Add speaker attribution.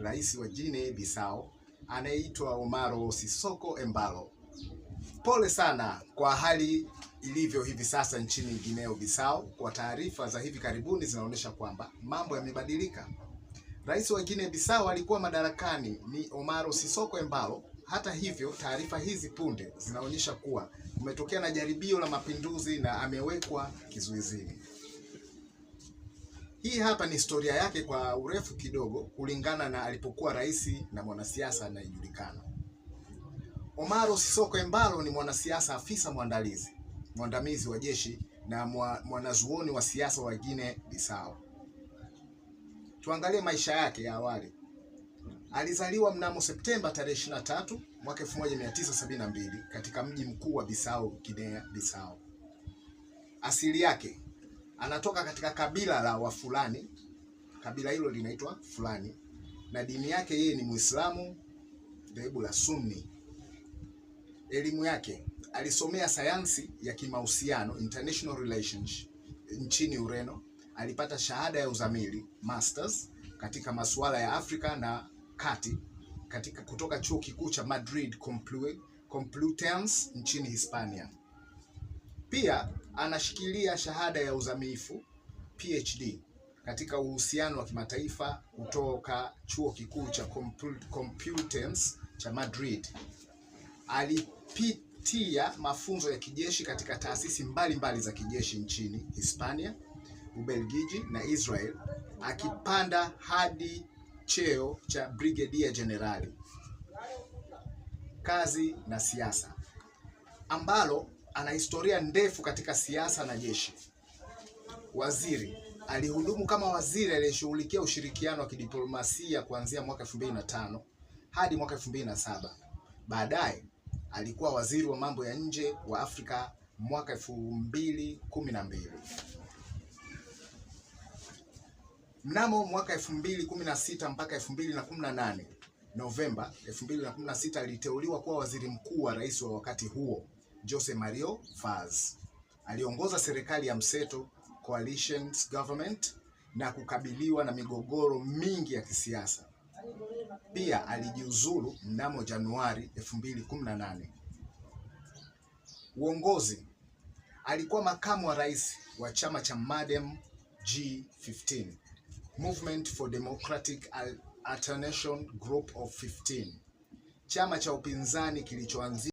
Speaker 1: rais wa Guinea Bissau anayeitwa Omaro Sisoko Embalo. Pole sana kwa hali ilivyo hivi sasa nchini Guinea Bissau. Kwa taarifa za hivi karibuni zinaonyesha kwamba mambo yamebadilika. Rais wa Guinea Bissau alikuwa madarakani ni Omaro Sisoko Embalo. Hata hivyo, taarifa hizi punde zinaonyesha kuwa umetokea na jaribio la mapinduzi na amewekwa kizuizini. Hii hapa ni historia yake kwa urefu kidogo, kulingana na alipokuwa rais na mwanasiasa anayejulikana. Omaro sisoko Embalo ni mwanasiasa afisa mwandalizi mwandamizi wa jeshi na mwanazuoni wa siasa wa Gine Bissau. Tuangalie maisha yake ya awali. Alizaliwa mnamo Septemba tarehe 23 mwaka 1972 katika mji mkuu wa Bisao, Guinea Bisao. Asili yake anatoka katika kabila la Wafulani, kabila hilo linaitwa Fulani, na dini yake yeye ni Muislamu dhehebu la Sunni. Elimu yake alisomea sayansi ya kimahusiano international relations nchini Ureno. Alipata shahada ya uzamili masters katika masuala ya Afrika na kati katika kutoka chuo kikuu cha Madrid Complutense nchini Hispania. Pia anashikilia shahada ya uzamifu PhD katika uhusiano wa kimataifa kutoka chuo kikuu cha Complutense cha Madrid. Alipitia mafunzo ya kijeshi katika taasisi mbalimbali mbali za kijeshi nchini Hispania, Ubelgiji na Israel, akipanda hadi cheo cha brigadier generali. Kazi na siasa ambalo ana historia ndefu katika siasa na jeshi. Waziri alihudumu kama waziri aliyeshughulikia ushirikiano wa kidiplomasia kuanzia mwaka 2005 hadi mwaka 2007. Baadaye alikuwa waziri wa mambo ya nje wa Afrika mwaka 2012. Mnamo mwaka 2016 mpaka 2018 Novemba 2016 aliteuliwa kuwa waziri mkuu wa rais wa wakati huo Jose Mario Vaz aliongoza serikali ya mseto coalition government na kukabiliwa na migogoro mingi ya kisiasa. Pia alijiuzulu mnamo Januari 2018. Uongozi, alikuwa makamu wa rais wa chama cha Madem G15, Movement for Democratic Alternation Group of 15, chama cha upinzani kilichoanzishwa